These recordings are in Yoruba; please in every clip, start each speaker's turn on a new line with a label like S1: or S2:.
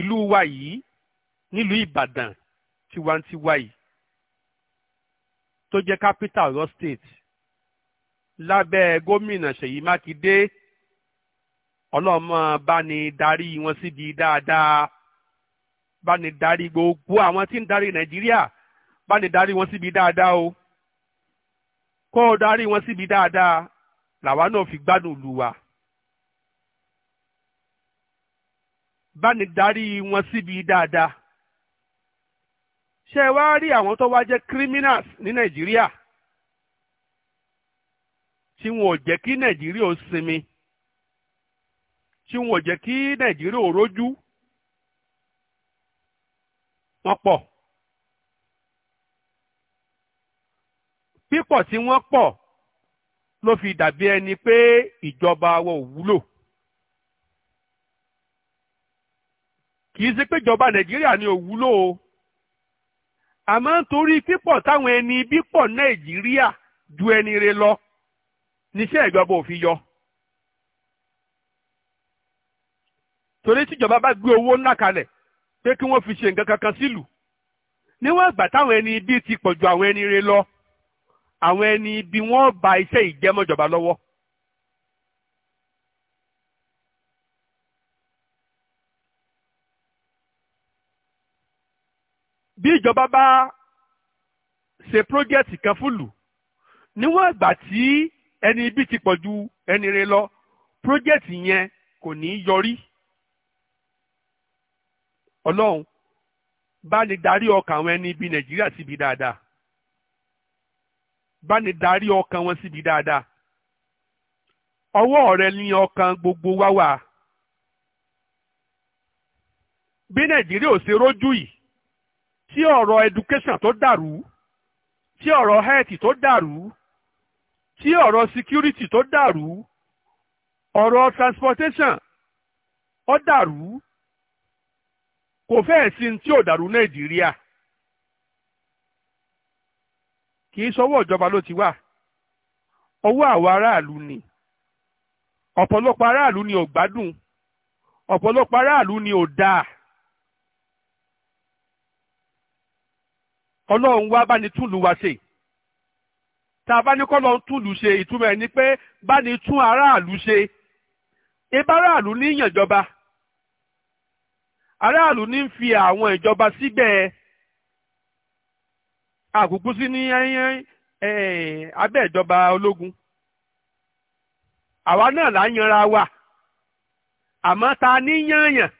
S1: ìlú wa yìí nílùú Ìbàdàn tiwantiwa yìí tó jẹ́ capital Ọ̀yọ́ state lábẹ́ gómìnà Ṣèyí Mákindé ọlọ́mọ bá ní darí wọn síbi dáadáa bá ní darí gbogbo àwọn tí ń darí Nàìjíríà bá ní darí wọn síbi dáadáa o kó darí wọn síbi dáadáa làwa náà fi gbádùn ìlú wa. bá ní darí wọn síbi dáadáa. ṣé ẹ wá rí àwọn tó wá jẹ́ criminals ní nàìjíríà tí wọn ò jẹ́ kí nàìjíríà ó sinmi tí wọn ò jẹ́ kí nàìjíríà ó rójú wọ́n pọ̀. pípọ̀ tí wọ́n pọ̀ ló fi dàbí ẹni pé ìjọba wọn ò wúlò. kì í ṣe pé ìjọba nàìjíríà ni ò wúlò o àmọ́ nítorí pípọ̀ táwọn ẹni bí pọ̀ nàìjíríà ju ẹni re lọ níṣẹ́ ìjọba ò fi yọ. torí tíjọba bá gbé owó ńlá kalẹ̀ pé kí wọ́n fi ṣe nǹkan kankan sílùú níwọ̀n ìgbà táwọn ẹni bí ti pọ̀ ju àwọn ẹni re lọ àwọn ẹni bí wọ́n ba iṣẹ́ ìjẹmọ́jọba lọ́wọ́. bí ìjọba bá ṣe pírójẹ́tì kan fúlù níwọ̀n ìgbà tí ẹni ibi ti pọ̀ ju ẹni rẹ lọ pírójẹ́tì yẹn kò ní í yọrí ọlọ́run bá ní darí ọkàn àwọn ẹni ibi nàìjíríà síbi dáadáa bá ní darí ọkàn wọn síbi dáadáa ọwọ́ rẹ ní ọkàn gbogbo wá wà bí nàìjíríà ò ṣe rójú yìí tí ọ̀rọ̀ education tó dàrú tí ọ̀rọ̀ health tó dàrú tí ọ̀rọ̀ security tó dàrú ọ̀rọ̀ transportation ó dàrú kò fẹ́ẹ̀ sí tí ò dàrú nàìjíríà kì í sọwọ́ ìjọba ló ti wà ọwọ́ àwọn aráàlú ni ọ̀pọ̀lọpọ̀ aráàlú ni ò gbádùn ọ̀pọ̀lọpọ̀ aráàlú ni ò dáa ọlọ́run wá bá ní túlù wá ṣe tá a bá ní kọ́lọ́ túlù ṣe ìtumọ̀ ẹ̀ ni pé bá ní tún aráàlú ṣe ìbáraàlú ní ìyànjọba aráàlú ní ń fi àwọn ìjọba síbẹ̀ àkùkù sí ní abẹ́ ìjọba ológun àwa náà là ń yanra wa àmọ́ ta ni yányàn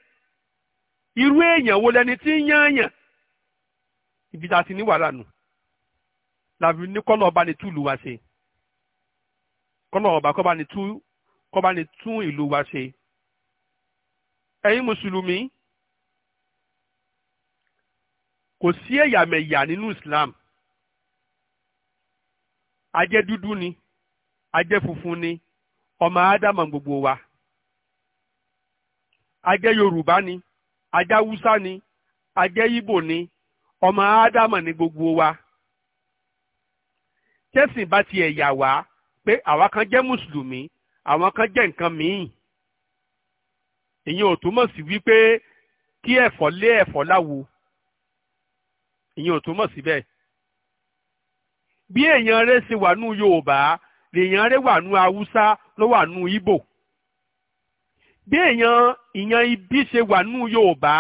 S1: irú èèyàn wo lẹni tí ń yányàn ibi tá a ti ní wàhálà nù làbí ní kọ́lọ̀ ọba ni tú ìlú wa ṣe kọ́lọ̀ ọba kọ́ba ni tú kọ́ba ni tún ìlú wa ṣe ẹ̀yin mùsùlùmí kò sí ẹ̀yàmẹ̀yà nínú Islam ajẹ́ dúdú ni ajẹ́ funfun ni ọmọ ádámà gbogbo wa ajẹ́ Yorùbá ni ajẹ́ Haúsá ni ajẹ́ Ìgbò ni ọmọ ádámà ní gbogbo wa tẹ́sìn bá tiẹ̀ yà wá pé àwa kan jẹ́ mùsùlùmí àwọn kan jẹ́ nǹkan míì ìyẹn ò túmọ̀ sí wípé kí ẹ̀fọ́ lé ẹ̀fọ́ láwo ìyẹn ò túmọ̀ síbẹ̀ bí èèyàn rẹ̀ ṣe wà nú Yorùbá lèèyàn rẹ̀ wà nú Haúsá ló wà nú Ìbò bí èèyàn ìyàn ibi ṣe wà nú Yorùbá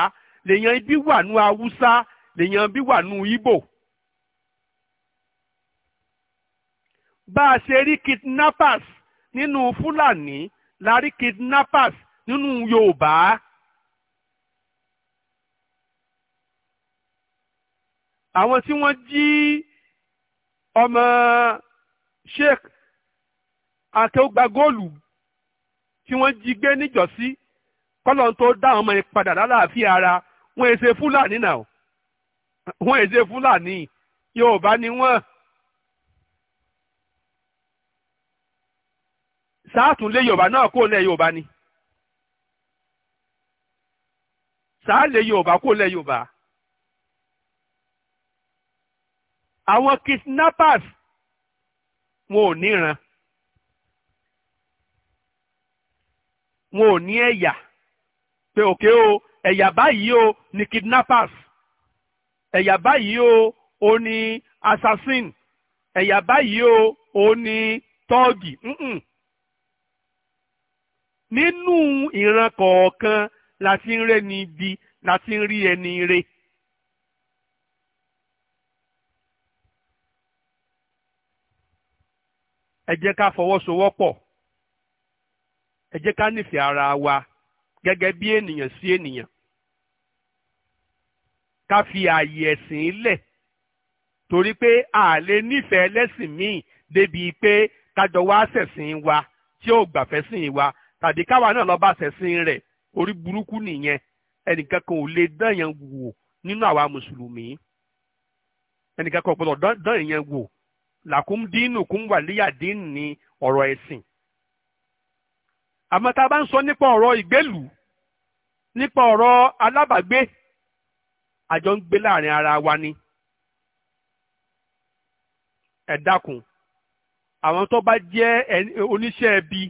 S1: lèèyàn ibi wà nú Haúsá lèèyàn bí wà nù Ìgbò. bá a ṣe rí kidnappers nínú Fúlàní la rí kidnappers nínú Yorùbá. àwọn tí wọ́n jí ọmọ Sheikh akéwògbà góòlù tí wọ́n jí gbé níjọ́sí kọ́lọ́n tó dá àwọn ọmọ yẹn padà lálàáfíà ara wọ́n ṣe Fúlàní náà wọ́n èdè fúlàní yorùbá ni wọ́n. sáàtúnlé yorùbá náà kò lẹ yorùbá ni sáàlé yorùbá kò lẹ yorùbá. àwọn kidnappers wọn ò níran wọn ò ní ẹ̀yà pé òkè o ẹ̀yà báyìí o ni kidnappers. ẹ̀yà báyìí o ò ní assassin ẹ̀yà báyìí o ò ní tọ́ọ̀gì nínú ìran kọ̀ọ̀kan la ti ń rẹ́ni ibi la ti ń rí ẹni re. ẹ jẹ́ ká fọwọ́sowọ́pọ̀ ẹ jẹ́ ká nífẹ̀ẹ́ ara wa gẹ́gẹ́ bí ènìyàn sí ènìyàn. ká fi ààyè ẹ̀sìn lẹ̀ torí pé a lè nífẹ̀ẹ́ lẹ́sìn míì débi pé kájọ wá ṣẹ̀sìn wa tí ó gbàfẹ́ sìn wa tàbí káwa náà lọ́ọ́ bá ṣẹ̀sìn rẹ̀ orí burúkú nìyẹn ẹnìkan kan ò lè dán yẹn wò nínú àwa mùsùlùmí ẹnìkan kan ò gbọdọ̀ dán yẹn wò làkúm dínú kúm wàlíyà dín ní ọ̀rọ̀ ẹ̀sìn àmọ́ tá a bá ń sọ nípa ọ̀rọ̀ ìgbélùú nípa ọ̀rọ̀ alábàgbé àjọ ń gbé láàrin ara wa ni ẹ dákun àwọn tó bá jẹ́ oníṣẹ́ ẹbí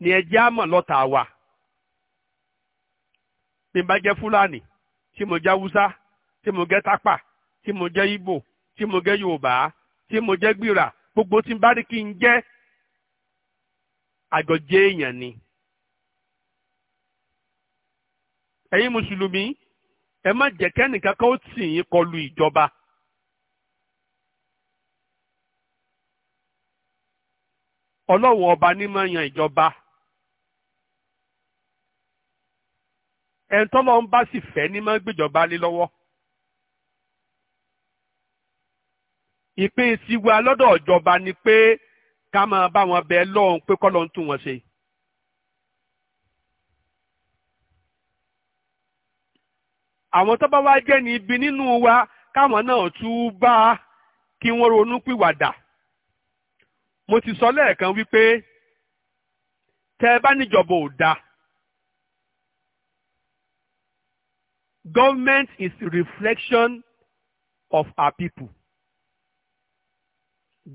S1: ni ẹ jẹ́ àmọ̀ lọ́tà wa bí n bá jẹ́ fúlàní tí mo jẹ́ haúsá tí mo jẹ́ tápà tí mo jẹ́ ìgbò tí mo jẹ́ yorùbá tí mo jẹ́ gbìrà gbogbo tí n bá rí kí n jẹ́ àjọjẹ́ èèyàn ni. ẹ̀yin mùsùlùmí ẹ má jẹ́ kẹ́nìkan kan ó tì yín kọlu ìjọba. ọlọ́run ọba ní máa yan ìjọba ẹni tọ́lọ́ ń bá sì fẹ́ ní máa gbèjọba lé lọ́wọ́ ìpín tiwa lọ́dọ̀ ìjọba ni pé ká máa bá wọn bẹ lọ́hùn pé kọ́ ló tún wọn ṣe. àwọn tó bá wá jẹ́ ní ibi nínú wa káwọn náà túbá kí wọ́n ronú pìwàdà mo ti sọ lẹ́ẹ̀kan wípé tẹ́ ẹ bá níjọba ò dáa government is reflection of our people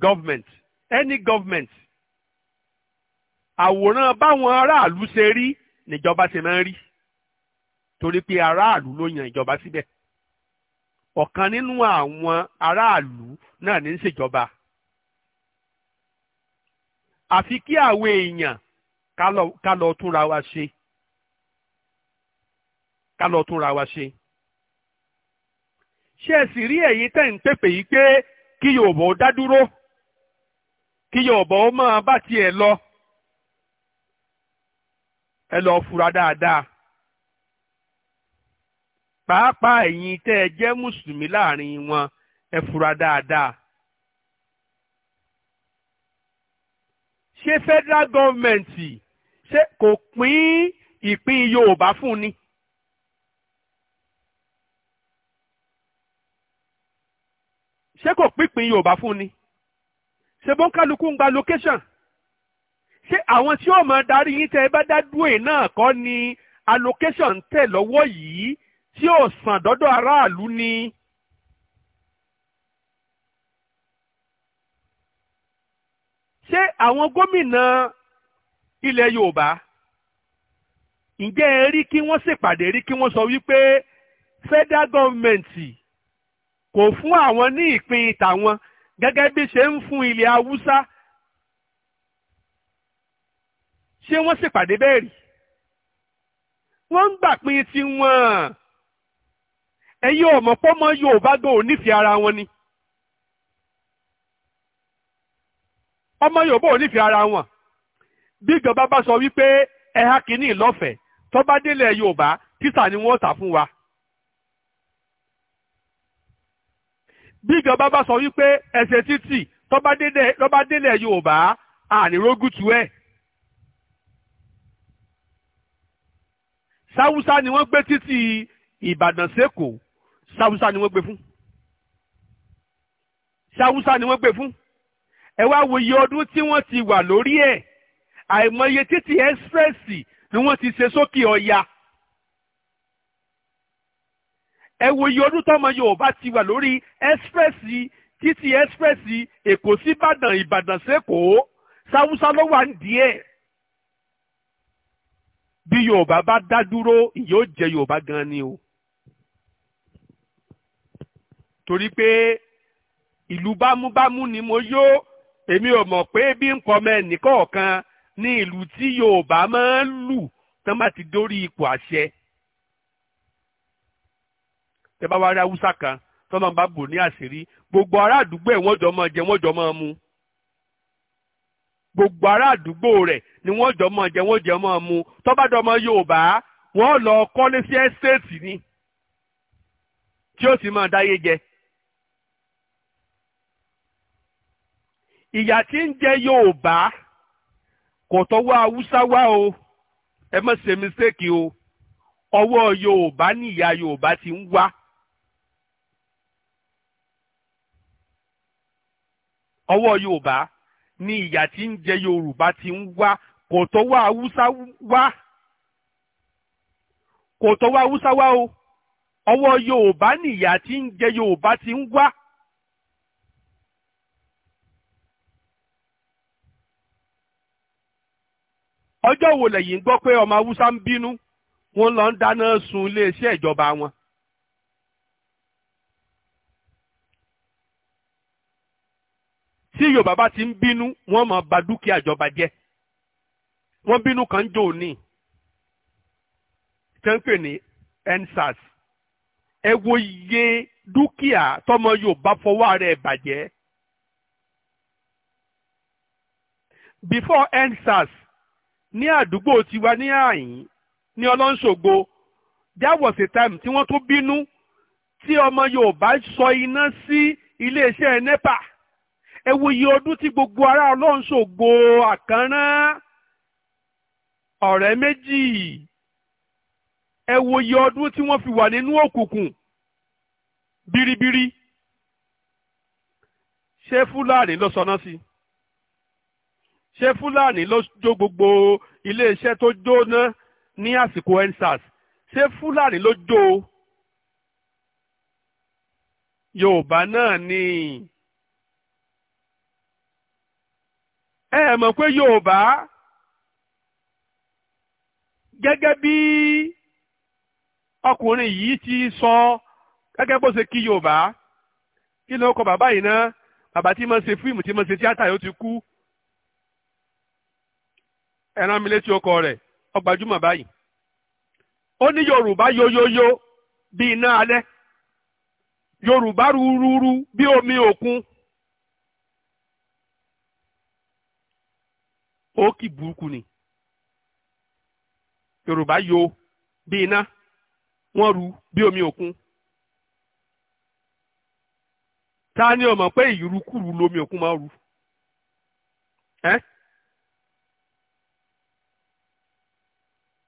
S1: government any government àwòrán báwọn aráàlú ṣe rí níjọba ṣe máa ń rí. torí pé aráàlú ló yan ìjọba síbẹ̀ ọ̀kan nínú àwọn aráàlú náà ní í ṣèjọba àfi kí àwọn èèyàn ká lọ túnra wa ṣe ká lọ túnra wa ṣe ṣé ẹ sì rí ẹ̀yin tẹ̀ ń pèpè yìí pé kí Yorùbá ó dá dúró kí Yorùbá ó máa bá tiẹ̀ lọ ẹ lọ fura dáadáa. pàápàá ẹ̀yin tẹ́ ẹ jẹ́ mùsùlùmí láàrin wọn ẹ fura dáadáa. ṣé federal government ṣé kò pín ìpín Yorùbá fún ni. ṣé kò pínpín Yorùbá fún ni. ṣé bó ń kálukú ń gba location. ṣé àwọn tí ó máa darí yín tẹ́ ẹ bá dá dúró náà kọ́ ni allocation tẹ̀ lọ́wọ́ yìí tí ò sàn dọ́dọ̀ aráàlú ni. ṣé àwọn gómìnà ilẹ̀ Yorùbá ǹjẹ́ ẹ rí kí wọ́n ṣèpàdé rí kí wọ́n sọ wípé federal government kò fún àwọn ní ìpín tàwọn gẹ́gẹ́ bí ṣe ń fún ilẹ̀ Haúsá ṣé wọ́n ṣèpàdé bẹ́ẹ̀ rí wọ́n ń gbàpín tiwọn ẹ̀yin ọ̀mọ̀ pọ́mọ́ Yorùbá gan ò nífẹ̀ẹ́ ara wọn ni ọmọ Yorùbá ò nífẹ̀ẹ́ ara wọn bí ìjọba bá sọ wípé ẹ̀ha kìíní lọ́fẹ̀ẹ́ tó bá délẹ̀ Yorùbá títà ni wọ́n tà fún wa. bí ìjọba bá sọ wípé ẹsẹ̀ títì tó bá délẹ̀ Yorùbá ànírógùtù ẹ̀. sáwúsá ni wọ́n gbé títì Ìbàdàn sẹ́kọ̀ọ́ sáwúsá ni wọ́n gbé fún sáwúsá ni wọ́n gbé fún ẹ wá wo iye ọdún tí wọ́n ti wà lórí ẹ̀ àìmọye títí ẹ́sírẹ́sì ni wọ́n ti ṣe sókè ọya ẹ wo iye ọdún tọ́mọ Yorùbá ti wà lórí ẹ́sírẹ́sì títí ẹ́sírẹ́sì Èkó sí Ìbàdàn Ìbàdàn sẹ́kọ̀ọ́ ló wà ń díẹ̀ bí Yorùbá bá dá dúró ìyóò jẹ Yorùbá gan ni o torí pé ìlú bámúbámú ni mo yó èmi ò mọ̀ pé bí ń pọmọ ẹnìkọ̀ọ̀kan ní ìlú tí Yorùbá máa ń lù tán bá ti dórí ipò àṣẹ. tẹ bá wá rí haúsá kan tọ́lọ́n bá bò ní àṣírí gbogbo ará àdúgbò ẹ̀ wọ́n jọ máa jẹ wọ́n jọ máa mu gbogbo ará àdúgbò rẹ̀ ni wọ́n jọ máa jẹ wọ́n jọ máa mu tọ́bádọ́mọ Yorùbá wọ́n lọ kọ́lé sí ẹ́stéètì ni tí ó sì máa dáyé jẹ. ìyà tí ń jẹ Yorùbá kò tọwọ́ Haúsá wá o ẹ má o ọwọ Yorùbá níyà Yorùbá ti ń wá. ọwọ Yorùbá ni ìyà tí ń jẹ ti ń wá kò kò o Yorùbá tí ń jẹ Yorùbá ti ń wá ọjọ́ wo lẹ́yìn gbọ́ pé ọmọ haúsá ń bínú wọ́n lọ ń dáná sun iléeṣẹ́ ìjọba wọn. tí yorùbá bá ti ń bínú wọ́n máa ba dúkìá ìjọba jẹ́ wọ́n bínú kan jò ní tẹ́ńpẹ̀ ní ensars ẹ wo iye dúkìá tọmọ yorùbá fọwọ́ rẹ̀ bàjẹ́ before ensars ní àdúgbò tiwa ní àyín ní ọlọ́nṣogbo that was a time tí wọ́n tún bínú tí ọmọ Yorùbá sọ iná sí iléeṣẹ́ NEPA ẹ wo iye ọdún tí gbogbo ará ọlọ́nṣogbo àkànrán ọ̀rẹ́ méjì ẹ wo iye ọdún tí wọ́n fi wà nínú òkùnkùn biribiri ṣé Fúlàní ló sọná sí i ṣé fúlàní ló jó gbogbo iléeṣẹ́ tó jóná ní àsìkò ensars ṣé fúlàní ló jó yorùbá náà ni ẹ mọ̀ pé yorùbá gẹ́gẹ́ bí ọkùnrin yìí ti sọ gẹ́gẹ́ bó ṣe kí yorùbá kí ló kọ bàbá yìí náà bàbá tí mo ṣe fíìmù tí mo ṣe tíátà yóò ti kú ẹ rán mi létí ọkọ rẹ ọgbàjúmọ̀ báyìí ó ní yorùbá yoyoyo bí iná alẹ. yorùbá rúrúrú bí omi òkun ó kì burúkú ni yorùbá yo bí iná wọ́n ru bí omi òkun ta ni ọmọ pé ìrúkúrú lomi òkun máa ru Eh?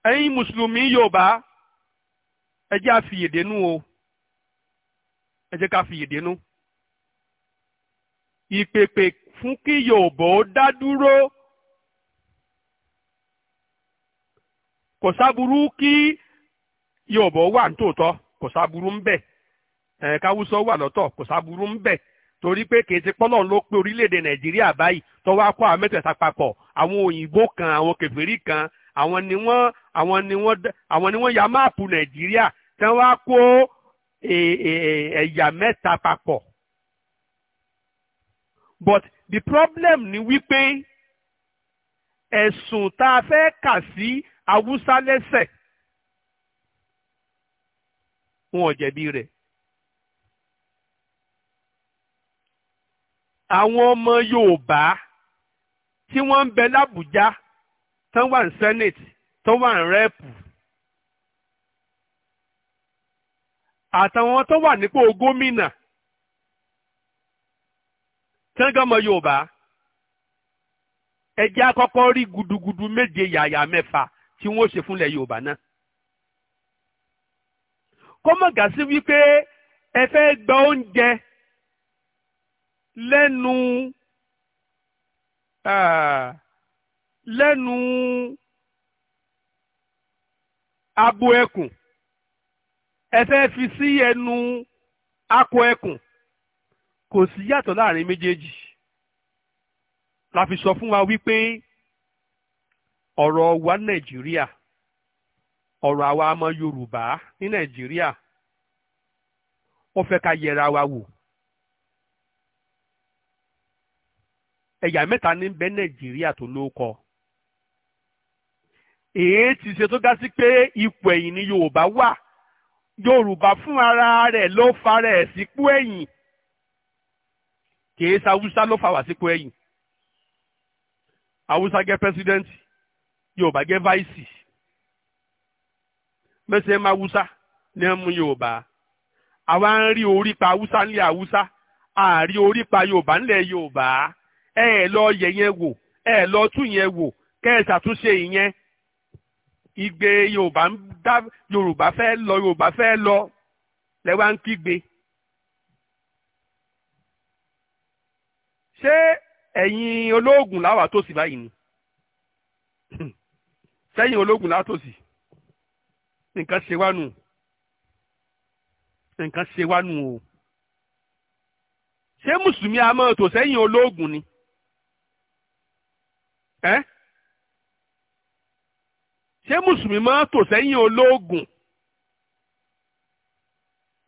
S1: ẹ̀yin mùsùlùmí yorùbá ẹ jẹ́ àfìyèdénú o ẹ jẹ́ ká fìyèdénú. ìpèpè fún kí yorùbá ó dá dúró kò sábúrú kí yorùbá wà nítòótọ́ kò sábúrú ń bẹ̀ ẹ̀ káwùsọ wà lọ́tọ̀ kò sábúrú ń bẹ̀ torí pé kì í ti pọ́nlọ́n ló pé orílẹ̀-èdè nàìjíríà báyìí tó akọ́ kó àwọn mẹ́tẹ̀ẹ̀ta papọ̀ àwọn òyìnbó kan àwọn kèfèrí kan àwọn ni wọ́n àwọn ni wọ́n àwọn ni wọ́n ya máàpù nàìjíríà tí wọ́n wá kó e, e, ẹ̀yà mẹ́ta papọ̀ but the problem ni wípé ẹ̀sùn tá a fẹ́ kà sí haúsá lẹ́sẹ̀ wọn ò jẹ̀bi rẹ̀. àwọn ọmọ yorùbá tí wọ́n ń bẹ lábùjá tán wà ní senate tó wà ń rẹ́ẹ̀pù àtàwọn tó wà nípò gómìnà tẹ́ngàmọ́ Yorùbá ẹjẹ́ àkọ́kọ́ rí gudugudu méje yàyà mẹ́fà tí wọ́n ṣe fúnlẹ̀ Yorùbá náà. kọ́mọ̀gà sí wípé ẹ fẹ́ gba oúnjẹ lẹ́nu ah, lẹ́nu. abo ẹkùn ẹ fẹ́ fi sí ẹnu akọ ẹkùn kò si yàtọ̀ laarin méjèèjì la fi sọ fún wa wípé ọ̀rọ̀ wa nàìjíríà ọ̀rọ̀ àwa ọmọ yorùbá ní nàìjíríà wọ́n fẹ́ ka yẹra wa wò ẹ̀yà mẹ́ta ní bẹ nàìjíríà tó lóko. èé ti ṣe tó dá sí pé ipò ẹ̀yìn ni yorùbá wà yorùbá fún ara rẹ̀ ló fara ẹ̀ sípò ẹ̀yìn kìí ṣàwùsá ló fà wá sípò ẹ̀yìn haúsá gẹ́ president yorùbá gẹ́ vice mẹsẹ̀ máa haúsá ní ẹ̀ mú yorùbá àwa ń rí orí pa haúsá nílẹ̀ haúsá àárí orí pa yorùbá nílẹ̀ yorùbá ẹ lọ yẹ yẹn wò ẹ lọ tún yẹn wò kẹ́ ẹ ṣàtúnṣe ìyẹn igbe yorùbá ń dá yorùbá fẹ́ lọ yorùbá fẹ́ lọ lẹ́wà ń kígbe. ṣé ẹ̀yin olóògùn láwà tòsí báyìí ni sẹ́yìn olóògùn látòsí nǹkan ṣe wá nù nǹkan ṣe wá nù o ṣé mùsùlùmí a máa sẹ́yìn olóògùn ni ẹ́ ṣé mùsùlùmí máa tò sẹ́yìn olóògùn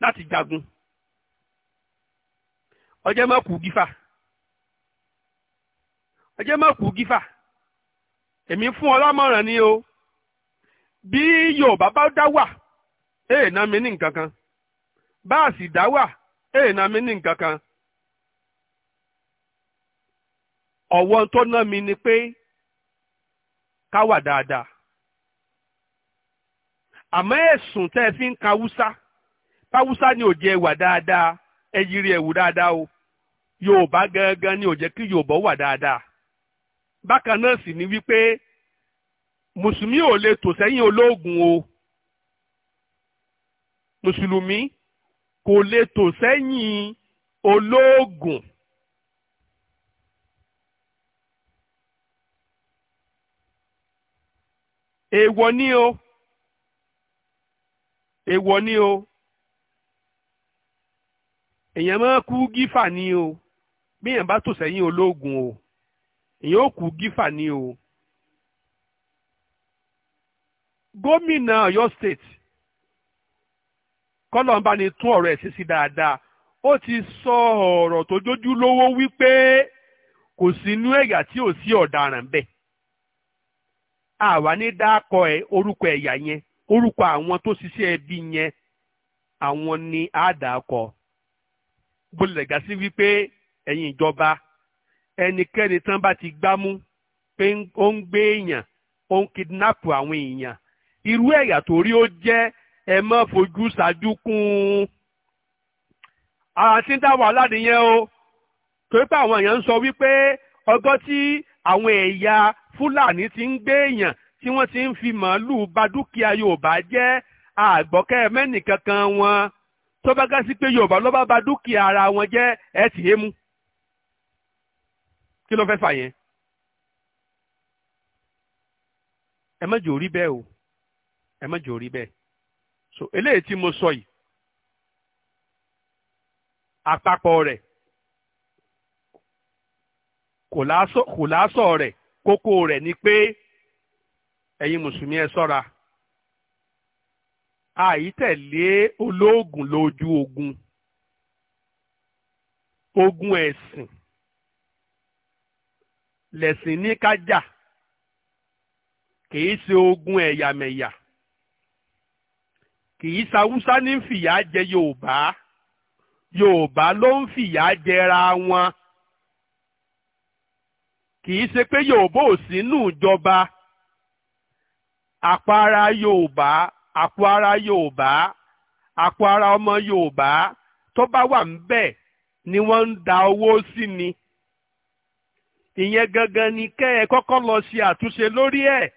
S1: láti jagun ọjẹ́ má kú gífà ọjẹ́ má kú gífà èmi fún ọ lámọ̀ràn ni o bí Yorùbá bá dá wà èè ná mi ní nǹkan kan bá dá wà èè ná mi ní nǹkan kan ọ̀wọ́n tó ná mi ni pé ká wà dáadáa àmọ́ ẹ̀sùn tẹ́ ẹ fi ń ka wúsá páwúsá ni ò jẹ́ wà dáadáa ẹ ẹ̀wù dáadáa o Yorùbá gangan ni ò jẹ́ kí Yorùbá wà dáadáa bákan náà sì ni wípé mùsùlùmí ò lè tò sẹ́yìn olóògùn o mùsùlùmí kò lè tò sẹ́yìn olóògùn. èèwọ̀ ni o. èèwọ̀ ni o èèyàn máa kú gífà ni o bí èèyàn bá tò sẹ́yìn olóògùn o èèyàn ó kú gífà ni o. gómìnà Ọ̀yọ́ state kọlọmba ni tún ọ̀rọ̀ ẹ̀ sí dáadáa ó ti sọ ọrọ tó jójú lówó wípé kò sínú ẹ̀yà tí ò sí ọdaràn bẹ́ẹ̀ àwa ní dákọ ẹ orúkọ ẹ̀yà yẹn orúkọ àwọn tó ṣiṣẹ́ ẹbí yẹn àwọn ni àdàkọ bó lè gà sí wípé ẹ̀yin ìjọba ẹnikẹ́ni tán bá ti gbámú pé ó ń gbé èèyàn ó ń kidnap àwọn èèyàn irú ẹ̀yà tó rí ó jẹ́ ẹ má fojú ṣáájú kún un àti dá wàhálà nìyẹn o torí pé àwọn èèyàn ń sọ wípé ọgọ́ tí àwọn ẹ̀yà fúlàní ti ń gbé èèyàn tí wọ́n ti ń fi màálù ba dúkìá Yorùbá jẹ́ àgbọ̀kẹ́ mẹ́nì kankan wọn tó bá gá sí pé Yorùbá ló bá ba dúkìá ara wọn jẹ́ ẹ̀ tì í mú kí ló fẹ́ fà yẹn. ẹ má jò rí bẹ́ẹ̀ o ẹ má jò bẹ́ẹ̀ so eléyìí tí mo sọ yìí àpapọ̀ rẹ̀ kòlásọ̀ rẹ̀ kókó rẹ̀ ni pé ẹ̀yin mùsùlùmí ẹ sọ́ra àìtẹ̀lé olóògùn lójú ogun ogun ẹ̀sìn lẹ̀sìn ní kájà kìí ṣe ogun ẹ̀yàmẹ̀yà kìí ṣàwúsá ní fìyà jẹ Yorùbá Yorùbá ló ń fìyà jẹra wọn kìí ṣe pé Yorùbá ò sínú ìjọba àpò ara Yorùbá àpò ara Yorùbá àpò ara ọmọ Yorùbá tó bá wà ń ni wọ́n ń da owó sí ni ìyẹn gangan ni kẹ́ ẹ kọ́kọ́ lọ ṣe àtúnṣe lórí ẹ̀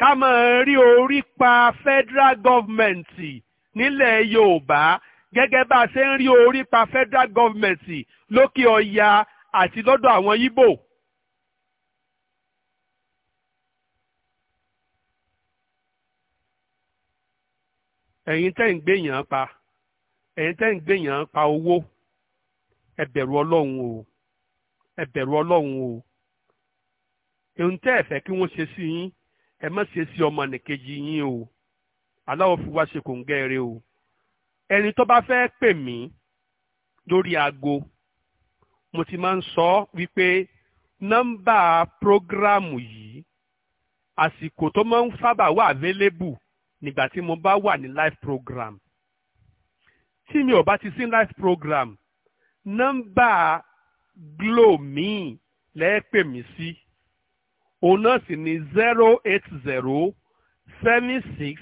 S1: ká máa rí orí pa federal government nílẹ̀ Yorùbá gẹ́gẹ́ bá a ṣe ń rí orí pa federal government lókè ọya àti lọ́dọ̀ àwọn Ìgbò. ẹ̀yin tẹ́ ń gbèyàn pa ẹ̀yin tẹ́ ń gbèyàn pa owó ẹ bẹ̀rù ọlọ́run o ẹ bẹ̀rù ọlọ́run o ohun tẹ́ ẹ fẹ́ kí wọ́n ṣe sí yín ẹ má ṣe sí ọmọ nìkejì yín o aláwọ̀ fi wá ṣe kò ń gẹ́rẹ́ o ẹni tó bá fẹ́ pè mí lórí aago mo ti máa ń sọ wípé nọ́mbà prógráàmù yìí àsìkò tó máa ń fábà wà available nígbà tí mo bá wà ní live program tí mi ò bá ti sí live program nọ́mbà glo míì lẹ́ẹ̀pẹ̀ mí sí òun náà sì ni zero eight zero seven six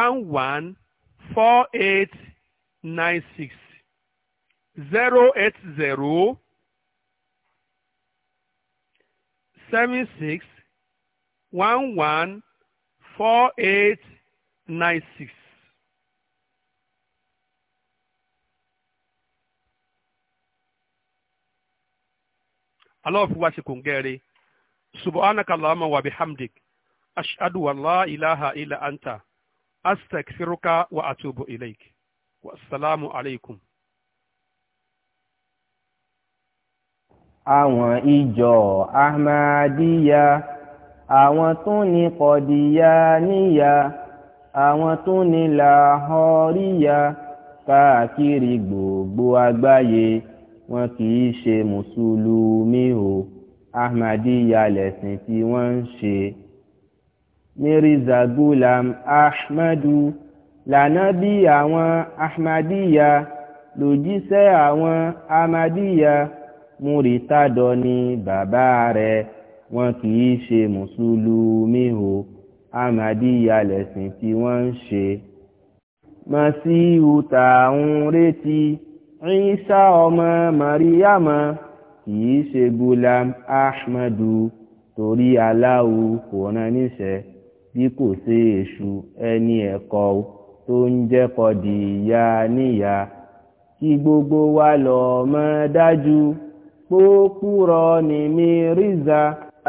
S1: one one four eight nine six zero eight zero seven six one one four eight nine six. Allah fi wá ṣe kòǹgẹ́rẹ́ subhanaka allahumma wa bihamdik ashhadu an la ilaha illa anta astaghfiruka wa atubu ilaik wa alaikum.
S2: àwọn ìjọ ahmadiyya àwọn tún ní kọdíyà níyà àwọn tó ní làhọ́ríyà káàkiri gbogbo àgbáyé wọn kì í ṣe mùsùlùmí o ahmadiyya lẹ̀sìn tí wọ́n ń ṣe. mirza gulam ahmadu lànábì àwọn ahmadiyya lòjíṣẹ́ àwọn ahmadiyya múrítàdọ́ ni bàbá rẹ̀ wọn kì í ṣe mùsùlùmí o amadiya lẹ̀sìn tí wọ́n ń ṣe masihu tá ń retí Ìsá ọmọ mariama kìí ṣe gulam ahmadu torí aláwo kò rán níṣẹ́ bí kò ṣe èṣù ẹni ẹ̀kọ́ tó ń jẹ́kọ̀ di ìyá níyà kí gbogbo wa lọ mọ̀ dájú pópùrọ́ ní mírízà.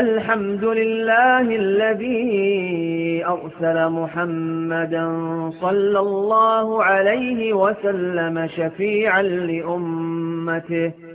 S2: الحمد لله الذي أرسل محمدا صلى الله عليه وسلم شفيعا لأمته